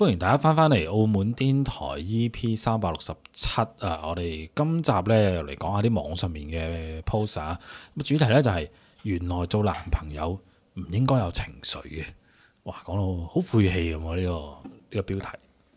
歡迎大家翻翻嚟澳門癲台 EP 三百六十七啊！我哋今集咧又嚟講下啲網上面嘅 post 咁、啊、主題咧就係、是、原來做男朋友唔應該有情緒嘅，哇講到好晦氣咁喎呢個呢、這個標題，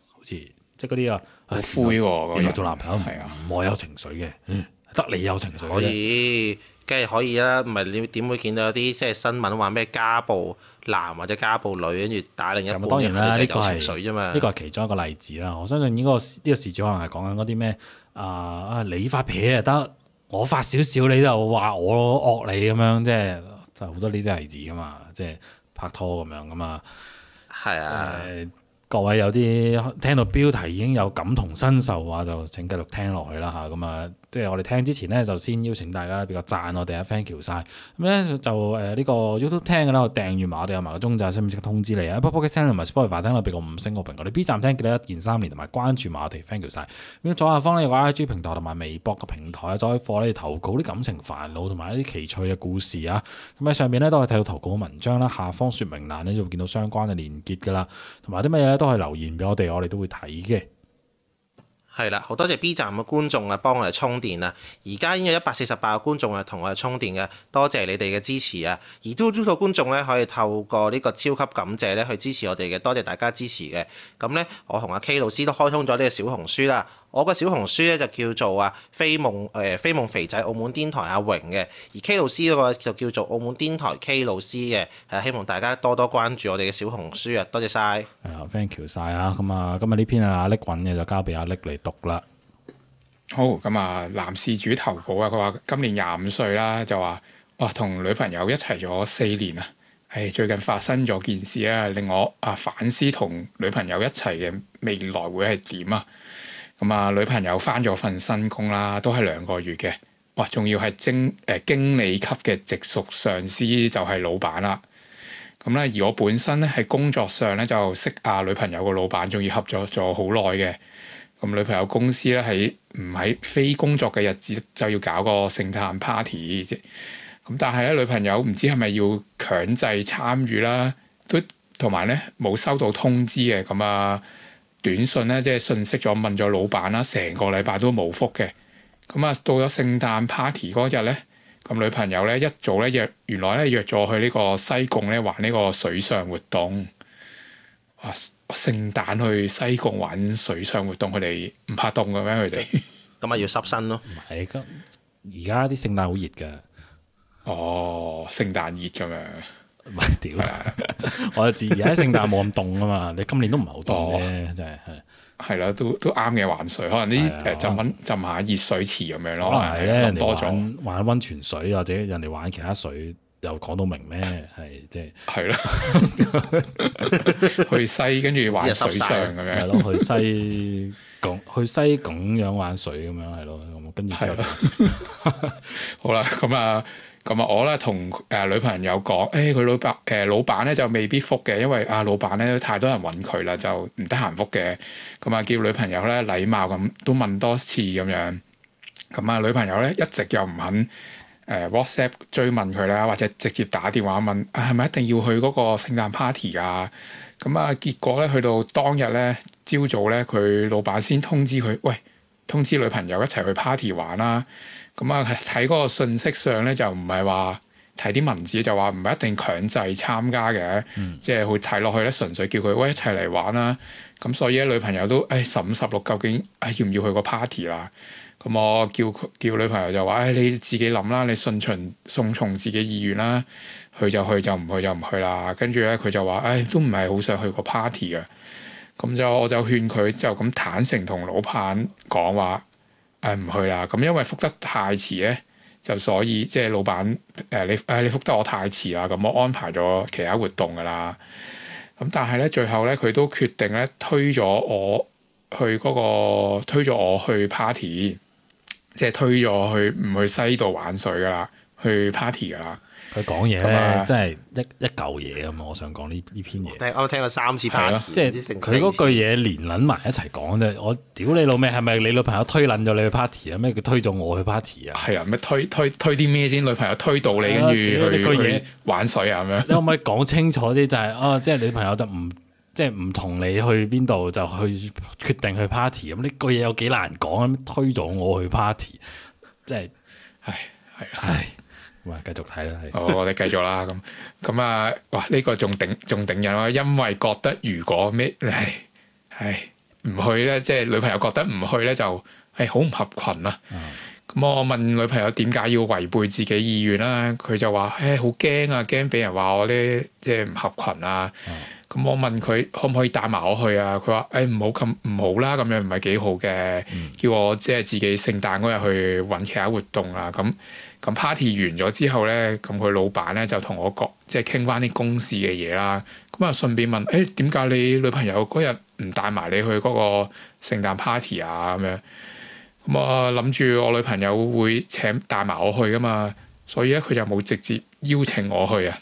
好似即係嗰啲啊，好灰、哎、人原來做男朋友唔冇有情緒嘅，得的、嗯、你有情緒啫。可以梗係可以啦，唔係你點會見到有啲即係新聞話咩家暴男或者家暴女，跟住打另一個，當然啦，呢個係情緒啫嘛，呢個係其中一個例子啦。嗯、我相信呢、呢個呢、呢個事主可能係講緊嗰啲咩啊啊你發脾氣就得，我發少少你就話我惡你咁樣，即係好多呢啲例子噶嘛，即係拍拖咁樣噶嘛，係啊。各位有啲聽到標題已經有感同身受嘅話，就請繼續聽落去啦嚇，咁啊。即係我哋聽之前咧，就先邀請大家俾個讚我哋啊，thank you 晒、嗯。咁咧就誒、呃這個、呢個 YouTube 聽嘅啦，訂閱埋我哋有埋個鐘就識唔識通知你啊，播播聲同埋 Spotify 快聽啦，俾個五星個評價，嗯、你 B 站聽記得一鍵三連同埋關注埋我哋、啊，thank you 晒。咁左下方咧有個 IG 平台同埋微博嘅平台，啊、就可以放咧投稿啲感情煩惱同埋一啲奇趣嘅故事啊。咁、嗯、喺上面咧都可以睇到投稿嘅文章啦，下方説明欄咧就會見到相關嘅連結噶啦，同埋啲乜嘢咧都可以留言俾我哋，我哋都會睇嘅。係啦，好多謝 B 站嘅觀眾啊，幫我哋充電啦、啊！而家已經有一百四十八個觀眾啊，同我哋充電嘅、啊，多謝你哋嘅支持啊！而嘟嘟多觀眾咧，可以透過呢個超級感謝咧去支持我哋嘅，多謝大家支持嘅。咁咧，我同阿 K 老師都開通咗呢個小紅書啦。我個小紅書咧就叫做啊飛夢誒飛夢肥仔，澳門癲台阿榮嘅。而 K 老師嗰個就叫做澳門癲台 K 老師嘅。係希望大家多多關注我哋嘅小紅書啊！多謝晒，係啊，thank you 曬啊。咁啊，今日呢篇啊，阿力揾嘅，就交俾阿力嚟讀啦。好，咁啊，男事主投稿啊，佢話今年廿五歲啦，就話哇同女朋友一齊咗四年啊，係、哎、最近發生咗件事啊，令我啊反思同女朋友一齊嘅未來會係點啊。咁啊、嗯，女朋友返咗份新工啦，都係兩個月嘅。哇！仲要係經誒經理級嘅直屬上司就係老闆啦。咁、嗯、咧，而我本身咧喺工作上咧就識啊女朋友個老闆，仲要合作咗好耐嘅。咁、嗯、女朋友公司咧喺唔喺非工作嘅日子就要搞個聖誕 party 啫。咁、嗯、但係咧，女朋友唔知係咪要強制參與啦，都同埋咧冇收到通知嘅咁啊。嗯嗯嗯短信咧即係信息咗問咗老闆啦，成個禮拜都冇覆嘅。咁啊，到咗聖誕 party 嗰日咧，咁女朋友咧一早咧約，原來咧約咗去呢個西貢咧玩呢個水上活動。啊，聖誕去西貢玩水上活動，佢哋唔怕凍嘅咩？佢哋咁啊，要濕身咯。唔係咁，而家啲聖誕好熱㗎。哦，聖誕熱咁樣。唔係，屌，我就知而家聖誕冇咁凍啊嘛，你今年都唔係好凍嘅，真係，係係啦，都都啱嘅，玩水，可能啲誒浸温浸下熱水池咁樣咯，可能係咧人哋玩玩温泉水或者人哋玩其他水又講到明咩？係即係咯，去西跟住玩水上咁樣，係咯，去西去西咁樣玩水咁樣係咯，咁跟住就好啦，咁啊。咁啊、嗯，我咧同誒女朋友講，誒佢老闆誒老闆咧、呃、就未必覆嘅，因為啊老闆咧太多人揾佢啦，就唔得閒覆嘅。咁、嗯、啊，叫女朋友咧禮貌咁都問多次咁樣。咁、嗯、啊，女朋友咧一直又唔肯誒、呃、WhatsApp 追問佢啦，或者直接打電話問係咪、啊、一定要去嗰個聖誕 party 啊？咁、嗯、啊、嗯，結果咧去到當日咧朝早咧，佢老闆先通知佢，喂，通知女朋友一齊去 party 玩啦、啊。咁啊，睇嗰個信息上咧就唔係話睇啲文字就話唔係一定強制參加嘅，即係會睇落去咧純粹叫佢喂一齊嚟玩啦。咁所以咧女朋友都誒十五十六究竟誒要唔要去個 party 啦？咁我叫佢，叫女朋友就話誒、哎、你自己諗啦，你順從順從自己意願啦，去就去就唔去就唔去啦。跟住咧佢就話誒、哎、都唔係好想去個 party 啊。咁就我就勸佢就咁坦誠同老闆講話。誒唔、哎、去啦，咁因為覆得太遲咧，就所以即係、就是、老闆誒、呃、你誒、哎、你覆得我太遲啦，咁我安排咗其他活動噶啦。咁但係咧最後咧佢都決定咧推咗我去嗰、那個，推咗我去 party，即係推咗去唔去西度玩水噶啦，去 party 噶啦。佢講嘢咧，呢啊、真係一一嚿嘢咁啊！我想講呢呢篇嘢。我聽過三次 p、啊、即係佢嗰句嘢連撚埋一齊講啫。次我屌你老味，係咪你女朋友推撚咗你去 party 啊？咩叫推咗我去 party 啊？係啊，咩推推推啲咩先？女朋友推到你，跟住呢句嘢玩水啊？咁樣？你可唔可以講清楚啲？就係、是、哦、啊，即係女朋友就唔即係唔同你去邊度，就去決定去 party 咁。呢句嘢有幾難講？推咗我去 party，即係唉，係 咪繼續睇啦，係。哦， 我哋繼續啦，咁咁啊，哇！呢、這個仲頂仲頂人咯，因為覺得如果咩唉，唔去咧，即、就、係、是、女朋友覺得唔去咧就係好唔合群啊。咁、嗯嗯、我問女朋友點解要違背自己意願啦？佢就話：誒好驚啊，驚俾、啊、人話我咧即係唔合群啊。咁、嗯嗯、我問佢可唔可以帶埋我去啊？佢話：誒唔好咁唔好啦，咁樣唔係幾好嘅。嗯、叫我即係、就是、自己聖誕嗰日去搵其他活動啊，咁、嗯。咁 party 完咗之後咧，咁佢老闆咧就同我講，即係傾翻啲公司嘅嘢啦。咁啊，順便問，誒點解你女朋友嗰日唔帶埋你去嗰個聖誕 party 啊？咁樣，咁啊諗住我女朋友會請帶埋我去㗎嘛，所以咧佢就冇直接邀請我去啊。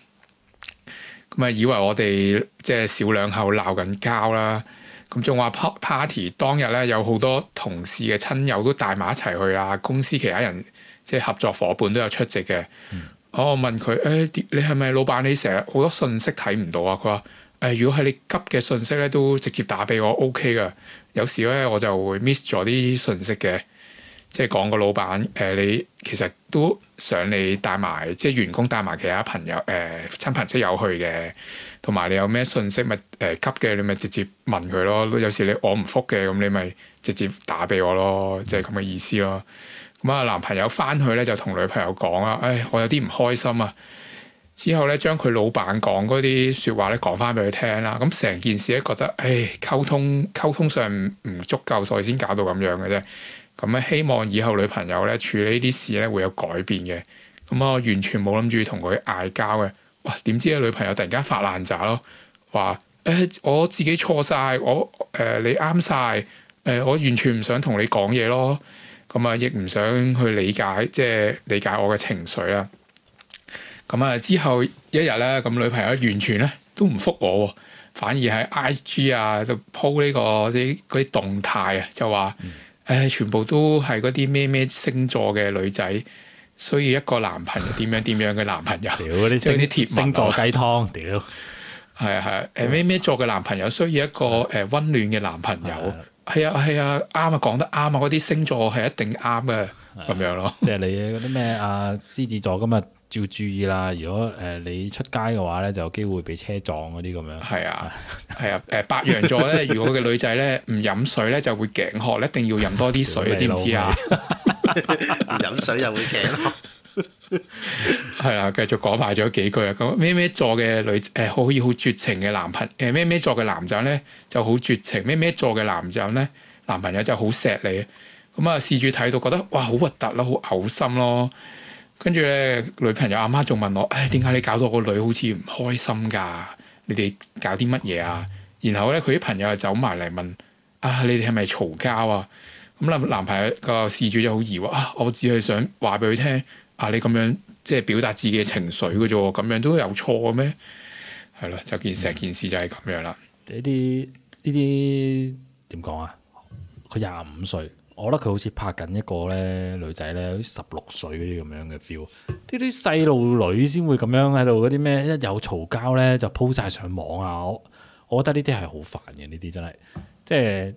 咁啊，以為我哋即係小兩口鬧緊交啦。咁仲話 party 當日咧有好多同事嘅親友都帶埋一齊去啊，公司其他人。即係合作伙伴都有出席嘅。嗯、我問佢：誒、欸，你係咪老闆？你成日好多信息睇唔到啊？佢話：誒、欸，如果係你急嘅信息咧，都直接打俾我 OK 㗎。有時咧，我就會 miss 咗啲信息嘅。即係講個老闆，誒、欸，你其實都想你帶埋，即係員工帶埋其他朋友，誒、欸、親朋戚友去嘅。同埋你有咩信息咪誒急嘅，你咪直接問佢咯。有時你我唔覆嘅，咁你咪直接打俾我咯，即係咁嘅意思咯。咁啊，男朋友翻去咧就同女朋友講啦，誒，我有啲唔開心啊。之後咧，將佢老闆講嗰啲説話咧講翻俾佢聽啦。咁成件事咧覺得，唉，溝通溝通上唔足夠，所以先搞到咁樣嘅啫。咁咧，希望以後女朋友咧處理呢啲事咧會有改變嘅。咁啊，完全冇諗住同佢嗌交嘅。哇，點知咧女朋友突然間發爛渣咯，話誒我自己錯晒，我誒、呃、你啱晒，誒、呃、我完全唔想同你講嘢咯。咁啊，亦唔想去理解，即係理解我嘅情緒啊！咁啊，之後一日咧，咁女朋友完全咧都唔復我，反而喺 I G 啊度 po 呢個啲嗰啲動態啊，就話，唉、嗯哎，全部都係嗰啲咩咩星座嘅女仔，需要一個男朋友點樣點樣嘅男朋友。屌， 啲星星座雞湯，屌， 係啊係啊，誒咩咩座嘅男朋友需要一個誒温暖嘅男朋友。 係啊係啊，啱啊講得啱啊，嗰啲星座係一定啱嘅咁樣咯。即係你嗰啲咩啊獅子座今日要注意啦，如果誒、呃、你出街嘅話咧，就有機會俾車撞嗰啲咁樣。係啊係啊，誒、啊啊呃、白羊座咧， 如果嘅女仔咧唔飲水咧，就會頸渴咧，一定要飲多啲水， 知唔知啊？唔飲 水又會頸。係啦，繼 續講埋咗幾句啊。咁咩咩座嘅女誒，可以好絕情嘅男朋友，呃、咩咩座嘅男仔咧就好絕情。咩咩座嘅男仔咧，男朋友就好錫你。咁、嗯、啊，事主睇到覺得哇，好核突咯，好嘔心咯。跟住咧，女朋友阿媽仲問我，誒、哎，點解你搞到個女好似唔開心噶？你哋搞啲乜嘢啊？然後咧，佢啲朋友就走埋嚟問，啊，你哋係咪嘈交啊？咁、嗯、男男朋友個事主就好疑惑啊，我只係想話俾佢聽。啊！你咁樣即係表達自己嘅情緒嘅啫喎，咁樣都有錯嘅咩？係咯，就件成件事就係咁樣啦。呢啲呢啲點講啊？佢廿五歲，我覺得佢好似拍緊一個咧女仔咧，十六歲嗰啲咁樣嘅 feel。呢啲細路女先會咁樣喺度嗰啲咩？一有嘈交咧就鋪晒上網啊！我我覺得呢啲係好煩嘅，呢啲真係即係。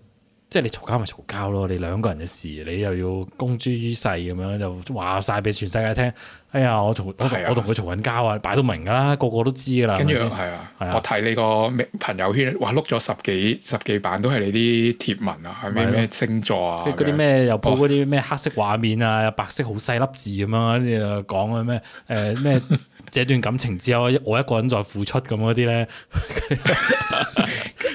即係你嘈交咪嘈交咯，你兩個人嘅事，你又要公諸於世咁樣，就話晒俾全世界聽。哎呀，我嘈，我同佢嘈緊交啊，擺到、啊、明啊，個個都知噶啦。跟住著係啊，啊我睇你個朋友圈，哇，碌咗十幾十幾版都係你啲貼文啊，咩咩星座啊，嗰啲咩又 po 嗰啲咩黑色畫面啊，哦、白色好細粒字咁、啊、樣，跟住就講啊咩，誒、呃、咩這段感情之後， 我一個人再付出咁嗰啲咧。 或突，突然之間 po 咗誒唔斷帖文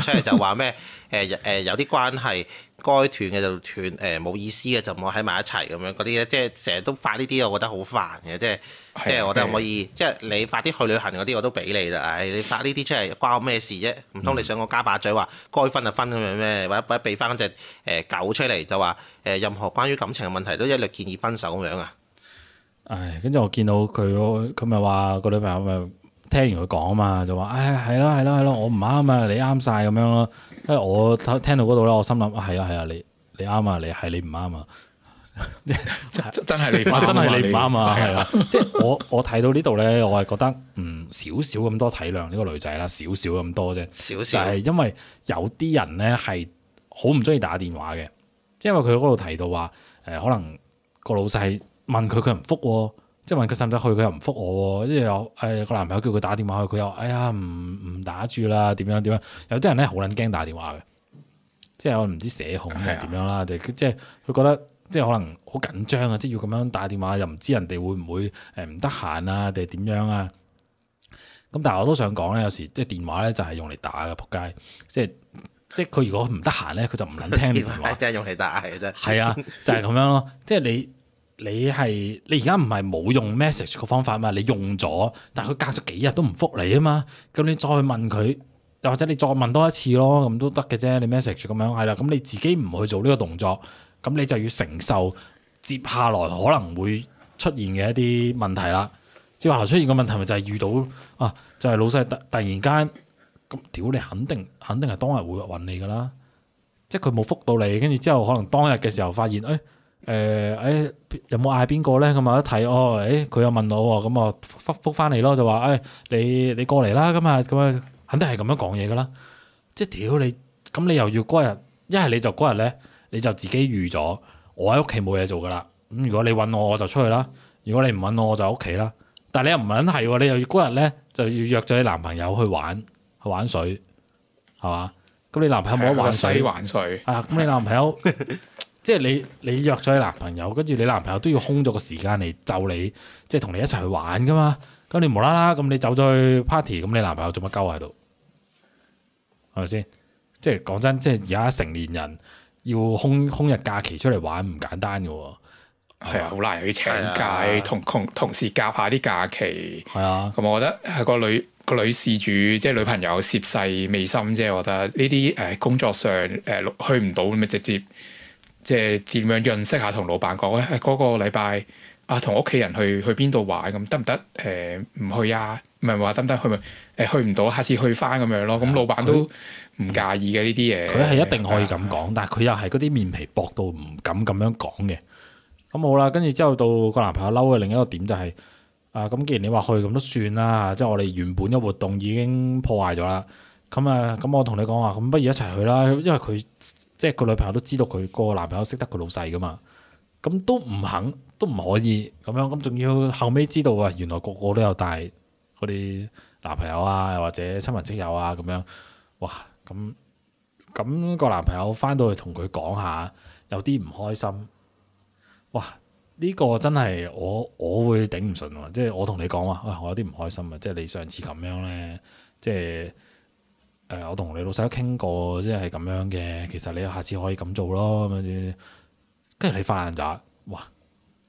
出嚟，就話咩誒誒有啲關係，該斷嘅就斷，誒、呃、冇意思嘅就冇喺埋一齊咁樣嗰啲咧，即係成日都發呢啲，我覺得好煩嘅，即係是的 即係我哋可以，的即係你發啲去旅行嗰啲我都俾你啦、哎，你發呢啲出嚟關我咩事啫？唔通你想我加把嘴話該分就分咁樣咩？或者或者俾翻隻誒狗出嚟就話、是、誒、呃、任何關於感情嘅問題都一律建議分手咁樣啊？唉，跟住我見到佢，佢日話個女朋友咪。聽完佢講啊嘛，就話：，唉、哎，係啦，係啦，係啦，我唔啱啊，你啱晒咁樣咯。因為我聽到嗰度咧，我心諗：，係、哎、啊，係啊，你你啱啊，你係你唔啱啊，即係 真係你，你，真係你唔啱啊，係啊。 即、就、係、是、我我睇到呢度咧，我係覺得嗯少少咁多體諒呢、這個女仔啦，少少咁多啫。少少就係因為有啲人咧係好唔中意打電話嘅，即係因為佢嗰度提到話，誒可能個老細問佢，佢唔覆喎。即係問佢使唔使去，佢又唔復我。即係有誒，個男朋友叫佢打電話去，佢又哎呀唔唔打住啦，點樣點樣？有啲人咧好撚驚打電話嘅，即係我唔知社恐定係點樣啦、啊。即係佢覺得即係可能好緊張啊，即係要咁樣打電話，又唔知人哋會唔會誒唔、呃、得閒啊，定係點樣啊？咁但係我都想講咧，有時即係電話咧就係用嚟打嘅仆街。即係即係佢如果唔得閒咧，佢就唔撚聽電話。即係用嚟打嘅啫。係啊，就係、是、咁樣咯。 即係你。你係你而家唔係冇用 message 個方法嘛？你用咗，但係佢隔咗幾日都唔復你啊嘛？咁你再問佢，又或者你再問多一次咯，咁都得嘅啫。你 message 咁樣係啦，咁你自己唔去做呢個動作，咁你就要承受接下來可能會出現嘅一啲問題啦。接下來出現嘅問題，咪就係遇到啊，就係、是、老細突突然間咁屌你肯，肯定肯定係當日會揾你噶啦。即係佢冇復到你，跟住之後可能當日嘅時候發現，誒、哎。誒，誒、呃哎、有冇嗌邊個咧？咁啊一睇，哦，誒、哎、佢又問我喎，咁啊覆覆翻嚟咯，就話誒、哎、你你過嚟啦，咁啊咁啊，肯定係咁樣講嘢噶啦。即係屌你，咁你又要嗰日一係你就嗰日咧，你就自己預咗，我喺屋企冇嘢做噶啦。咁如果你揾我，我就出去啦；如果你唔揾我，我就喺屋企啦。但係你又唔撚係，你又要嗰日咧就要約咗你男朋友去玩去玩水，係嘛？咁你男朋友冇得玩水啊？咁、哎那個哎、你男朋友？ 即係你，你約咗你男朋友，跟住你男朋友都要空咗個時間嚟就你，即係同你一齊去玩噶嘛。咁你無啦啦咁你走咗去 party，咁你男朋友做乜鳩喺度，係咪先？即係講真，即係而家成年人要空空日假期出嚟玩唔簡單嘅喎。係啊，好難去請假、哎、呀同同同事夾下啲假期。係啊、哎呀，咁我覺得係、個女個女事主即係女朋友涉世未深啫。我覺得呢啲誒工作上誒去唔到咪直接。即係點樣潤色下同老闆講咧？嗰個禮拜啊，同屋企人去去邊度玩咁得唔得？誒唔、呃、去呀、啊？唔係話得唔得去咪誒去唔到，下次去翻咁樣咯。咁老闆都唔介意嘅呢啲嘢。佢係、啊、一定可以咁講，啊、但係佢又係嗰啲面皮薄到唔敢咁樣講嘅。咁好啦，跟住之後到個男朋友嬲嘅另一個點就係、是、啊，咁既然你話去咁都算啦，即係我哋原本嘅活動已經破壞咗啦。咁啊，咁我同你講話，咁不如一齊去啦，因為佢。即係佢女朋友都知道佢個男朋友識得佢老細噶嘛，咁都唔肯，都唔可以咁樣，咁仲要後尾知道啊，原來個個都有帶嗰啲男朋友啊，或者親朋戚友啊咁樣，哇！咁咁個男朋友翻到去同佢講下，有啲唔開心，哇！呢個真係我我會頂唔順喎，即係我同你講話，啊，我有啲唔開心啊，即係你上次咁樣咧，即係。誒，我同你老細都傾過，即係咁樣嘅。其實你下次可以咁做咯。咁樣，跟住你發爛渣，哇！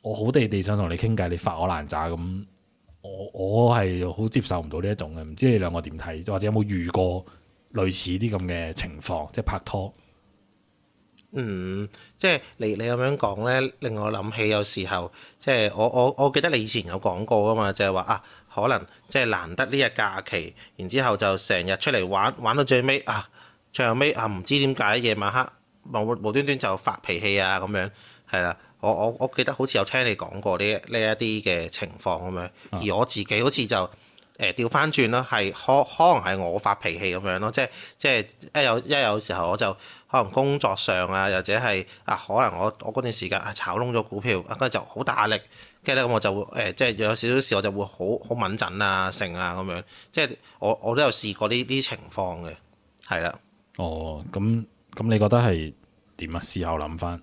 我好地地想同你傾偈，你發我爛渣咁，我我係好接受唔到呢一種嘅。唔知你兩個點睇，或者有冇遇過類似啲咁嘅情況，即係拍拖。嗯，即係你你咁樣講咧，令我諗起有時候，即係我我我記得你以前有講過噶嘛，就係話啊。可能即係難得呢日假期，然之後就成日出嚟玩，玩到最尾啊，最後尾啊，唔知點解夜晚黑無無端端就發脾氣啊咁樣，係啦，我我我記得好似有聽你講過呢呢一啲嘅情況咁樣，而我自己好似就～誒調翻轉咯，係可可能係我發脾氣咁樣咯，即係即係一有一有時候我就可能工作上啊，或者係啊，可能我我嗰段時間係炒窿咗股票，跟住就好大壓力。跟住咧，咁我就會誒，即係有少少事，我就會好好穩陣啊、成啊咁樣。即係我我都有試過呢啲情況嘅，係啦。哦，咁咁你覺得係點啊？事後諗翻，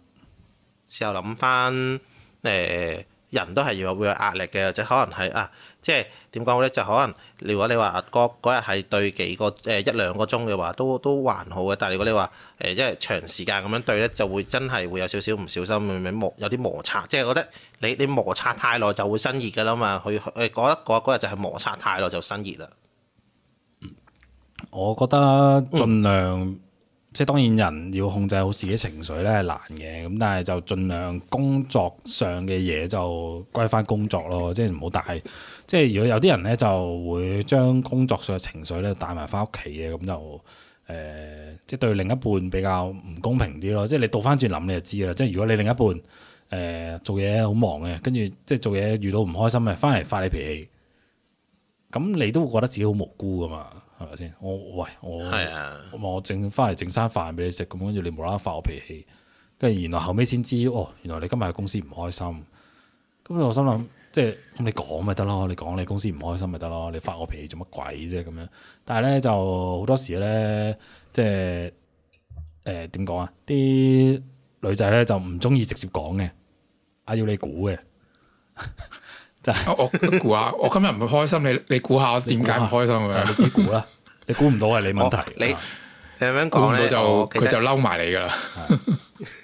事後諗翻誒。誒人都係要有會有壓力嘅，即係可能係啊，即係點講好咧？就可能如果你話嗰嗰日係對幾個誒一兩個鐘嘅話，都都還好嘅。但係如果你話誒，即係長時間咁樣對咧，就會真係會有少少唔小心，明明摩有啲摩擦，即係覺得你你摩擦太耐就會生熱㗎啦嘛。佢誒嗰一嗰嗰日就係摩擦太耐就生熱啦。我覺得盡量。即係當然人要控制好自己情緒咧係難嘅，咁但係就盡量工作上嘅嘢就歸翻工作咯，即係唔好帶。即係如果有啲人咧就會將工作上嘅情緒咧帶埋翻屋企嘅，咁就誒、呃、即係對另一半比較唔公平啲咯。即係你倒翻轉諗你就知啦。即係如果你另一半誒、呃、做嘢好忙嘅，跟住即係做嘢遇到唔開心嘅，翻嚟發你脾氣，咁你都會覺得自己好無辜㗎嘛。係咪先？我喂、啊、我，我我整翻嚟整餐飯俾你食，咁跟住你無啦啦發我脾氣，跟住原來後尾先知哦，原來你今日喺公司唔開心，咁我心諗即係咁你講咪得咯，你講你公司唔開心咪得咯，你發我脾氣做乜鬼啫咁樣？但係咧就好多時咧，即係誒點講啊？啲、呃、女仔咧就唔中意直接講嘅，阿要你估嘅。 我我估下，我今日唔會開心，你你估下我點解唔開心嘅？ 你只估啦，你估唔到係你問題。 你你咁樣講咧，就佢就嬲埋你噶啦。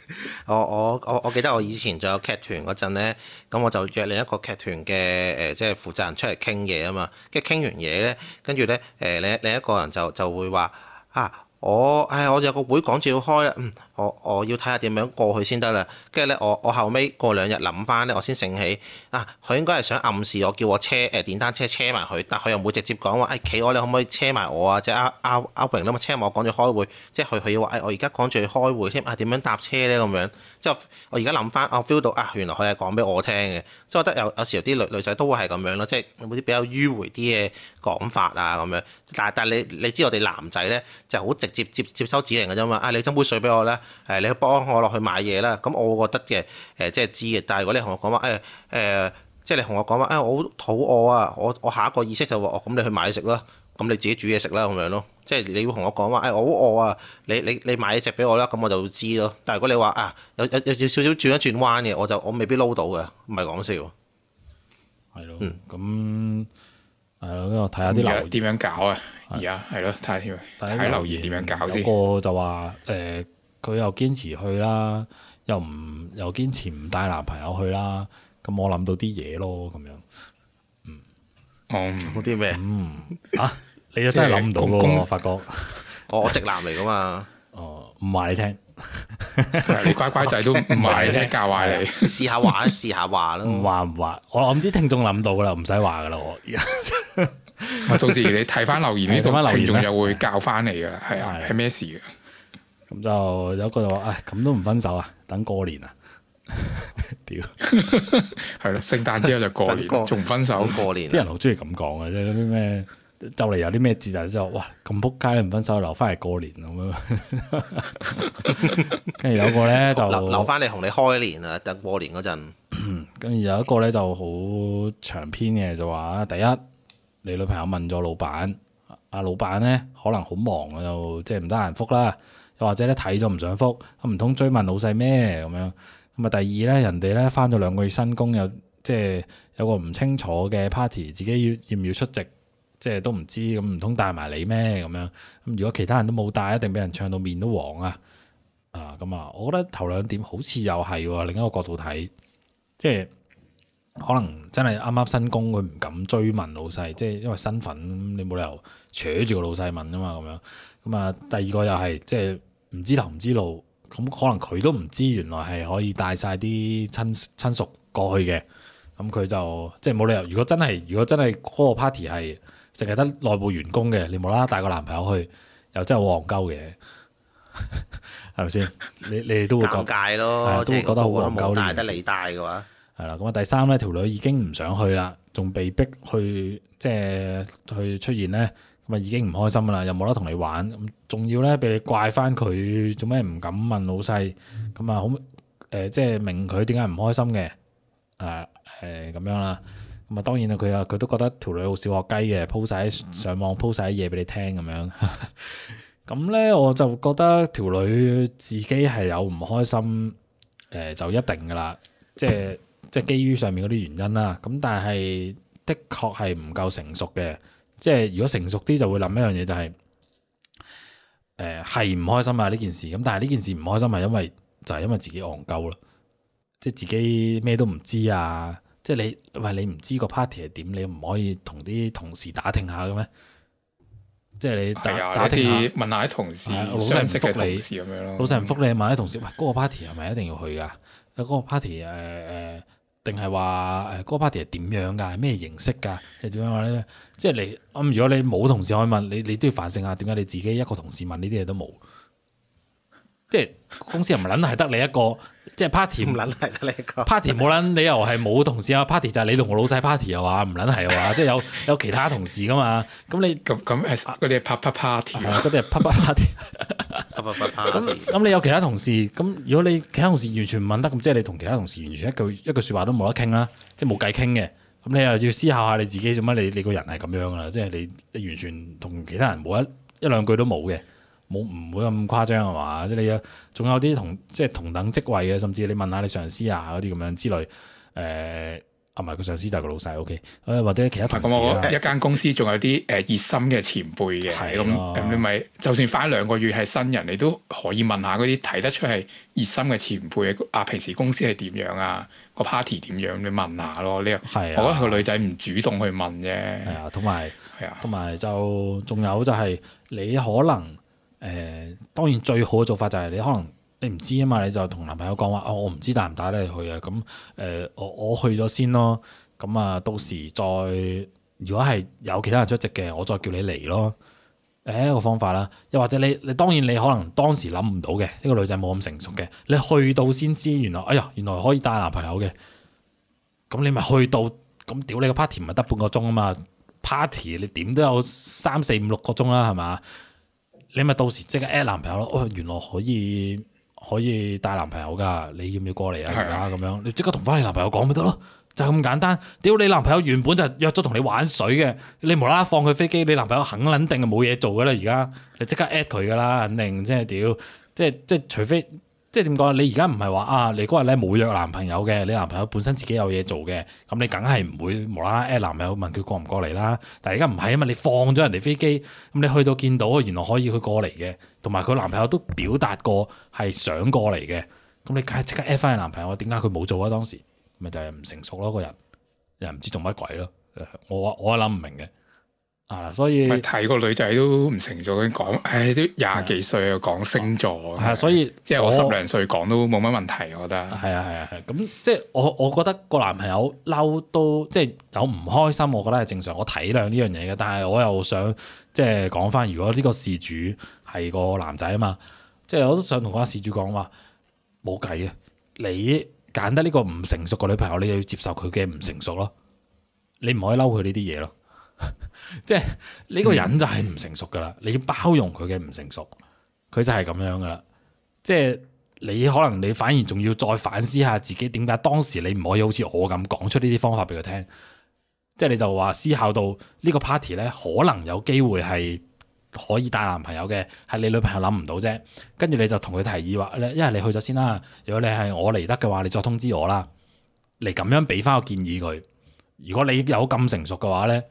我我我我記得我以前仲有劇團嗰陣咧，咁我就約另一個劇團嘅誒，即、呃、係、就是、負責人出嚟傾嘢啊嘛。跟住傾完嘢咧，跟住咧誒，另另一個人就就會話啊，我誒我有個會講住要開啦。嗯。我我要睇下點樣過去先得啦，跟住咧我我後尾過兩日諗翻咧，我先醒起啊，佢應該係想暗示我叫我車誒電單車車埋佢，但佢又唔會直接講話企我你可唔可以車埋我啊？即係阿阿阿榮都冇車我，趕住開會，即係佢佢要話、哎、我而家趕住開會添、係、啊、點樣搭車咧咁樣？之後我而家諗翻，我 feel 到啊，原來佢係講俾我聽嘅，即係覺得有有時啲女女仔都會係咁樣咯，即係有冇啲比較迂迴啲嘅講法啊咁樣？但係但係你你知我哋男仔咧就好直接接接收指令嘅啫嘛，啊、啊你斟杯水俾我啦～誒，你去幫我落去買嘢啦，咁我會覺得嘅，誒，即係知嘅。但係如果你同我講話，誒，誒，即係你同我講話，誒，我好肚餓啊，我我下一個意識就話，哦，咁你去買食啦，咁你自己煮嘢食啦，咁樣咯，即係你要同我講話，誒，我好餓啊，你你你買嘢食俾我啦，咁我就會知咯。但係如果你話啊，有有有有少少轉一轉彎嘅，我就我未必 load 到嘅，唔係講笑。係咯，咁係咯，跟住我睇下啲留言點樣搞啊？而家係咯，睇下睇留言點樣搞先。有個就話誒。佢又堅持去啦，又唔又堅持唔帶男朋友去啦。咁我諗到啲嘢咯，咁樣，嗯，哦，嗰啲咩？嗯，啊，你都真係諗唔到咯，我發覺。我直男嚟噶嘛。哦，唔話你聽，你乖乖仔都唔話你聽，教壞你。試下話啦，試下話啦。唔話唔話，我諗啲聽眾諗到噶啦，唔使話噶啦。我到時你睇翻留言你同翻留言仲又會教翻你噶啦。係啊，係咩事啊？咁就有一個就話，唉、哎，咁都唔分手啊？等過年啊？屌， 係咯，聖誕之後就過年，仲過分手過年啊。啲人好中意咁講嘅，即係嗰啲咩，就嚟有啲咩節日之後，哇，咁撲街你唔分手，留翻嚟過年咁樣。 跟住有個咧就留翻嚟同你開年啊，等過年嗰陣。跟住 有一個咧就好長篇嘅，就話第一，你女朋友問咗老闆，阿老闆咧可能好忙啊，就即係唔得閒覆啦。或者咧睇咗唔想覆，唔通追問老細咩咁樣？咁啊第二咧，人哋咧返咗兩個月新工，又即係有個唔清楚嘅 party，自己要要唔要出席，即係都唔知，咁唔通帶埋你咩咁樣？咁如果其他人都冇帶，一定俾人唱到面都黃啊！啊咁啊，我覺得頭兩點好似又係另一個角度睇，即係可能真係啱啱新工佢唔敢追問老細，即係因為身份，你冇理由扯住個老細問嘛啊嘛咁樣。咁啊第二個又係即係。唔知頭唔知路，咁可能佢都唔知原來係可以帶晒啲親親屬過去嘅，咁、嗯、佢就即係冇理由。如果真係，如果真係嗰個 party 係淨係得內部員工嘅，你冇啦啦帶個男朋友去，又真係好戇鳩嘅，係咪先？你你哋都會尷尬咯，嗯、都會覺得好戇鳩呢啲事，得你帶嘅話，係啦。咁啊，第三咧，條女已經唔想去啦，仲被逼去，即係去出現咧。咪已經唔開心噶啦，又冇得同你玩，咁仲要咧俾你怪翻佢做咩唔敢問老細？咁啊好誒，即係明佢點解唔開心嘅，啊誒咁、嗯、樣啦，咁啊當然啊，佢啊佢都覺得條女好小學雞嘅，鋪曬上網鋪曬啲嘢俾你聽咁樣，咁 咧我就覺得條女自己係有唔開心，誒就一定噶啦，即係即係基於上面嗰啲原因啦，咁但係的確係唔夠成熟嘅。即係如果成熟啲就會諗一樣嘢，就係，就係誒係唔開心啊呢件事。咁但係呢件事唔開心係因為就係、係、因為自己戇鳩咯，即係自己咩都唔知啊！即係你喂你唔知個 party 係點，你唔可以同啲同事打聽下嘅咩？即係你打呀打，打聽下問下啲同事，哎，老細唔覆你，老細唔覆你問下啲同事，喂嗰、嗰個 party 係咪一定要去㗎？嗰、嗰個 party 誒、呃、誒。呃呃定係話誒嗰個 party 係點樣㗎？係咩形式㗎？係點樣話咧？即係你，咁、嗯、如果你冇同事可以問，你你都要反省下，點解你自己一個同事問呢啲嘢都冇？即係公司又唔撚係得你一個，即係 party 唔撚係得你一個。 party 冇撚理由係冇同事啊 ？party 就係你同我老細 party 又話唔撚係，又話， 即係有有其他同事噶嘛？咁你咁咁係嗰啲係啪啪 party 啲係啪啪 party。咁咁 你有其他同事？咁如果你其他同事完全唔問得，咁即係你同其他同事完全一句一句説話都冇得傾啦，即係冇計傾嘅。咁你又要思考下你自己做乜？你你個人係咁樣啦，即係你你完全同其他人冇一一兩句都冇嘅。冇唔會咁誇張係嘛？即係你啊，仲有啲同即係同等職位嘅，甚至你問下你上司啊嗰啲咁樣之類。誒、呃，唔係佢上司就係個老細，O.K.、哎、或者其他同事啊。我一間公司仲有啲誒熱心嘅前輩嘅，咁咁、啊、你咪就算返兩個月係新人，你都可以問下嗰啲睇得出係熱心嘅前輩嘅。啊，平時公司係點樣啊？個 party 點樣？你問下咯。你啊，我覺得個女仔唔主動去問啫。係啊，同埋係啊，同埋就仲有就係你可能。誒、呃、當然最好嘅做法就係你可能你唔知啊嘛，你就同男朋友講話哦，我唔知帶唔帶你去啊，咁、嗯、誒、呃、我我去咗先咯，咁、嗯、啊到時再如果係有其他人出席嘅，我再叫你嚟咯，誒、欸、一個方法啦，又或者你你當然你可能當時諗唔到嘅，呢、這個女仔冇咁成熟嘅，你去到先知原來哎呀原來可以帶男朋友嘅，咁、嗯、你咪去到咁屌、嗯、你個 party 咪得半個鐘啊嘛，party 你點都有三四五六個鐘啦係嘛？你咪到時即刻 at 男朋友咯，哦，原來可以可以帶男朋友噶，你要唔要過嚟啊？而家咁樣，你即刻同翻你男朋友講咪得咯，就係咁簡單。屌你男朋友原本就約咗同你玩水嘅，你無啦啦放佢飛機，你男朋友肯定定係冇嘢做㗎啦。而家你即刻 at 佢噶啦，肯定即係屌，即係即係除非。即係點講？你而家唔係話啊，你嗰日咧冇約男朋友嘅，你男朋友本身自己有嘢做嘅，咁你梗係唔會無啦啦 at 男朋友問佢過唔過嚟啦。但係而家唔係啊嘛，你放咗人哋飛機，咁你去到見到原來可以佢過嚟嘅，同埋佢男朋友都表達過係想過嚟嘅。咁你梗係即刻 at 翻你男朋友，點解佢冇做啊？當時咪就係唔成熟咯，個人又唔知做乜鬼咯。我我諗唔明嘅。啊，所以睇個女仔都唔成熟，講唉都廿幾歲又講星座，係，所以即係我十零歲講都冇乜問題，我覺得係啊係啊係。咁即係我我覺得個男朋友嬲都即係有唔開心，我覺得係正常，我體諒呢樣嘢嘅。但係我又想即係講翻，如果呢個事主係個男仔啊嘛，即係我都想同個事主講話冇計嘅，你揀得呢個唔成熟個女朋友，你就要接受佢嘅唔成熟咯，嗯、你唔可以嬲佢呢啲嘢咯。即係呢個人就係唔成熟噶啦，你要包容佢嘅唔成熟，佢就係咁樣噶啦。即係你可能你反而仲要再反思下自己點解當時你唔可以好似我咁講出呢啲方法俾佢聽。即係你就話思考到呢個 party 咧，可能有機會係可以帶男朋友嘅，係你女朋友諗唔到啫。跟住你就同佢提議話，一係你去咗先啦。如果你係我嚟得嘅話，你再通知我啦。你咁樣俾翻個建議佢。如果你有咁成熟嘅話咧。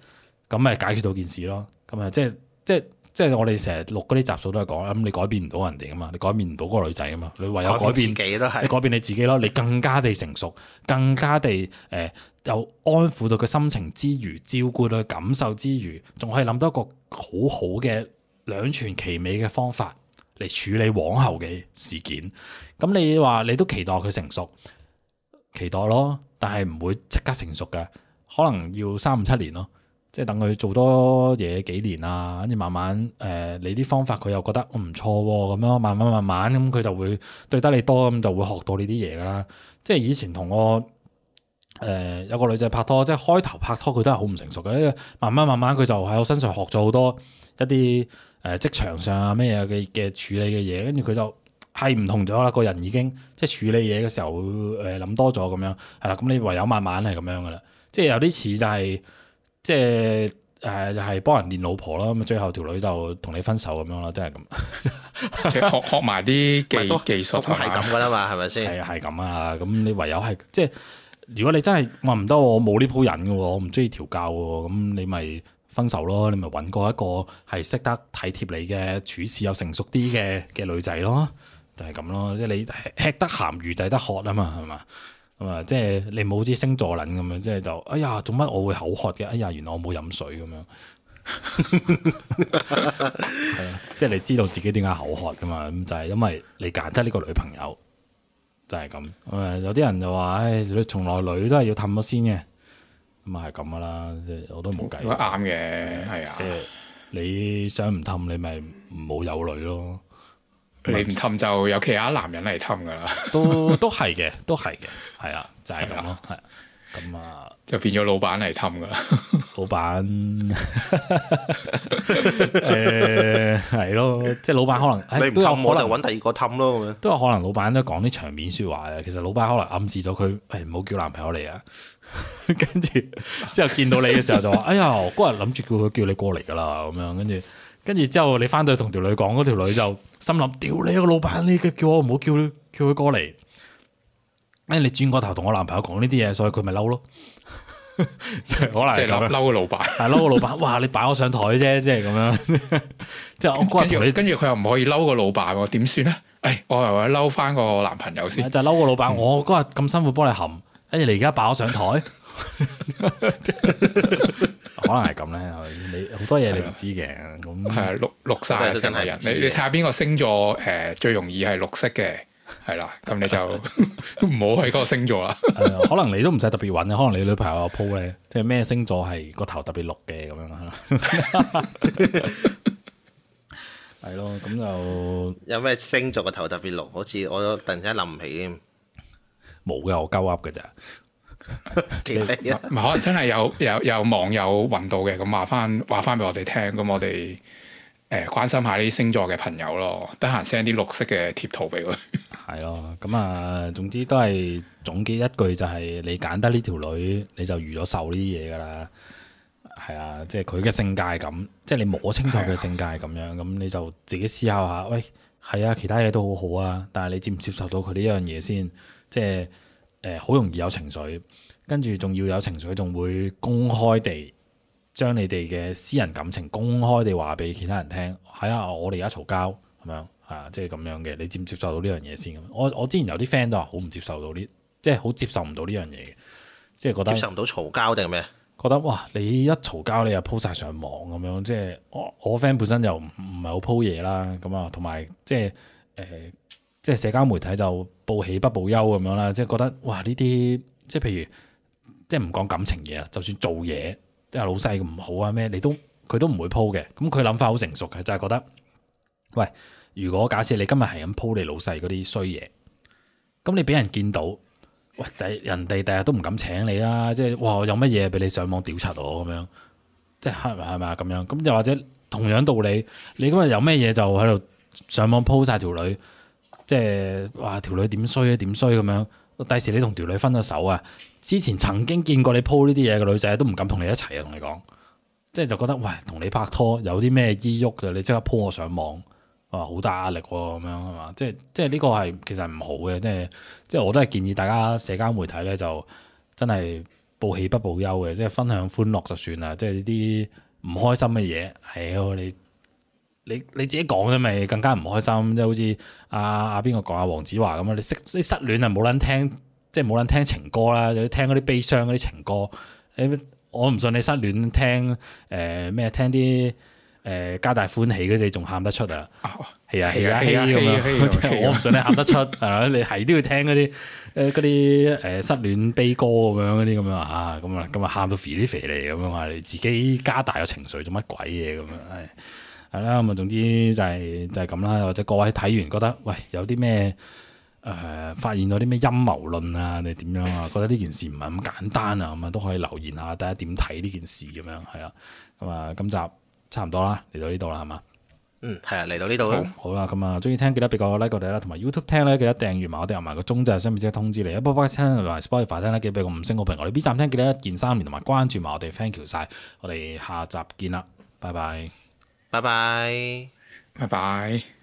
咁咪解決到件事咯，咁啊，即係即係即係我哋成日錄嗰啲集數都係講，咁、嗯、你改變唔到人哋㗎嘛，你改變唔到嗰個女仔㗎嘛，你唯有改變，改變自己，你改變你自己咯，你更加地成熟，更加地誒，又、呃、安撫到佢心情之餘，照顧到佢感受之餘，仲可以諗到一個好好嘅兩全其美嘅方法嚟處理往後嘅事件。咁你話你都期待佢成熟，期待咯，但係唔會即刻成熟嘅，可能要三五七年咯。即係等佢做多嘢幾年啊，跟住慢慢誒、呃，你啲方法佢又覺得唔錯喎，咁、哦啊、樣慢慢慢慢咁佢、嗯、就會對得你多，咁、嗯、就會學到呢啲嘢噶啦。即係以前同我誒、呃、有個女仔拍拖，即係開頭拍拖佢都係好唔成熟嘅，因為慢慢慢慢佢就喺我身上學咗好多一啲誒職場上啊咩嘢嘅處理嘅嘢，跟住佢就係唔同咗啦。個人已經即係處理嘢嘅時候會誒諗多咗咁樣，係啦。咁你唯有慢慢係咁樣噶啦。即係有啲似就係、是。即係誒，就係幫人練老婆啦，咁最後條女就同你分手咁樣啦，即係咁，且 學學埋啲技 技術係咁噶啦嘛，係咪先？係係咁啊，咁你唯有係即係，如果你真係話唔得，我冇呢鋪癮噶，我唔中意調教噶，咁你咪分手咯，你咪搵過一個係識得體貼你嘅處事又成熟啲嘅嘅女仔咯，就係咁咯，即係你吃得鹹魚抵得渴啊嘛，係嘛？咁啊、嗯，即係你冇好似星座撚咁樣，即係就哎呀，做乜我會口渴嘅？哎呀，原來我冇飲水咁樣。係啊，即係你知道自己點解口渴噶嘛？咁就係、是、因為你揀得呢個女朋友就係咁。誒，有啲人就話：誒、哎，你從來女都係要氹咗先嘅。咁、嗯、啊，係咁噶啦，我都冇計。啱嘅，係啊。即係你想唔氹你咪冇有女咯。你唔氹就有其他男人嚟氹噶啦，都都係嘅，都係嘅，係啊，就係咁咯，係的，咁啊，就變咗老闆嚟氹噶，老 闆、 欸，誒，係咯，即係老闆可能你唔氹，可能搵第二個氹咯，都有可能老闆都講啲場面說話嘅，其實老闆可能暗示咗佢，誒、哎，唔好叫男朋友嚟啊，跟 住之後見到你嘅時候就話，哎呀，嗰日諗住叫佢叫你過嚟噶啦，咁樣跟住。跟住之後，你翻到去同條女講，嗰條女就心諗：屌你個老闆，你叫我唔好叫叫佢過嚟。哎、轉過跟住你轉個頭同我男朋友講呢啲嘢，所以佢咪嬲咯。 可能即係我嚟，即係嬲個老闆，係嬲個老闆。哇！你擺我上台啫，即係咁樣。 即係我嗰日同你，跟住佢又唔可以嬲個老闆喎，點算咧？哎，我又為嬲翻個男朋友先，就嬲個老闆。我嗰日咁辛苦幫你含，跟住你而家擺我上台。可能係咁咧，你好多嘢你唔知嘅，咁係綠綠晒嘅人，你你睇下邊個星座誒最容易係綠色嘅，係啦，咁你就唔好去嗰個星座啦。可能你都唔使特別揾，可能你女朋友有鋪咧，即係咩星座係個頭特別綠嘅咁樣。係咯，咁就有咩星座個頭特別綠？好似我突然間諗唔起添，冇嘅，我鳩噏嘅咋。 是 可能真係有有有網友揾到嘅，咁話翻話翻俾我哋聽，咁我哋誒關心下啲星座嘅朋友咯，得閒 send 啲綠色嘅貼圖俾佢。係咯，咁啊，總之都係總結一句，就係你揀得呢條女，你就預咗受呢啲嘢噶啦。係啊，即係佢嘅性格係咁，即係你摸清楚佢嘅性格係咁樣，咁的你就自己思考下，喂，係啊，其他嘢都好好啊，但係你接唔接受到佢呢一樣嘢先，即係。誒好、呃、容易有情緒，跟住仲要有情緒，仲會公開地將你哋嘅私人感情公開地話俾其他人聽。係啊、嗯哎，我哋而家嘈交咁樣啊，即係咁樣嘅，你接唔接受到呢樣嘢先？我我之前有啲 friend 都話好唔接受到呢，即係好接受唔到呢樣嘢，即係覺得接受唔到嘈交定咩？覺得哇，你一嘈交你又鋪晒上網咁樣，即係我我 friend 本身又唔唔係好鋪嘢啦，咁啊，同埋即係誒。呃即係社交媒體就報喜不報憂咁樣啦，即係覺得哇呢啲即係譬如即係唔講感情嘢啦，就算做嘢即係老細唔好啊咩，你都佢都唔會鋪嘅。咁佢諗法好成熟嘅，就係覺得喂，如果假設你今日係咁鋪你老細嗰啲衰嘢，咁你俾人見到，喂第人哋第日都唔敢請你啦。即係哇有乜嘢俾你上網調查我咁樣，即係係咪啊咁樣？咁又或者同樣道理，你今日有咩嘢就喺度上網鋪晒條女。即係話條女點衰咧點衰咁樣，啊，第時、啊、你同條女分咗手啊！之前曾經見過你 po 呢啲嘢嘅女仔都唔敢同你一齊啊！同你講，即係就覺得喂，同你拍拖有啲咩依喐嘅，你即刻 po 我上網，哇！好大壓力咁樣係嘛？即係即係呢個係其實唔好嘅，即係即係我都係建議大家社交媒體咧就真係報喜不報憂嘅，即係分享歡樂就算啦，即係呢啲唔開心嘅嘢係你。你你自己講啫咪更加唔開心，即係好似阿阿邊個講阿黃子華咁啊！你失你失戀啊，冇撚聽，即係冇撚聽情歌啦，要聽嗰啲悲傷嗰啲情歌。你我唔信你失戀聽誒咩？聽啲誒加大歡喜嗰啲，仲喊得出啊？係啊係啊係咁樣，我唔信你喊得出係你係都要聽嗰啲誒啲誒失戀悲歌咁樣嗰啲咁樣啊？咁啊今日喊到肥啲肥嚟咁啊！你自己加大個情緒做乜鬼嘢咁啊？係啦，咁啊，總之就係就係咁啦。或者各位睇完覺得喂有啲咩，誒，發現咗啲咩陰謀論啊？定係點樣啊？覺得呢件事唔係咁簡單啊？咁啊，都可以留言下，大家點睇呢件事咁樣。係啦。咁啊，今集差唔多啦，嚟到呢度啦，係嘛？嗯，係啊，嚟到呢度。好啦，咁啊，中意聽記得俾個 like 我哋啦，同埋 YouTube 聽咧記得訂閱埋我哋，同埋個鐘就係方便即刻通知你。Apple 聽同埋 Spotify 聽咧，記得俾個五星好評。我哋 B 站聽記得一鍵三連同埋關注埋我哋，thank you 晒！我哋下集見啦，拜拜。拜拜，拜拜。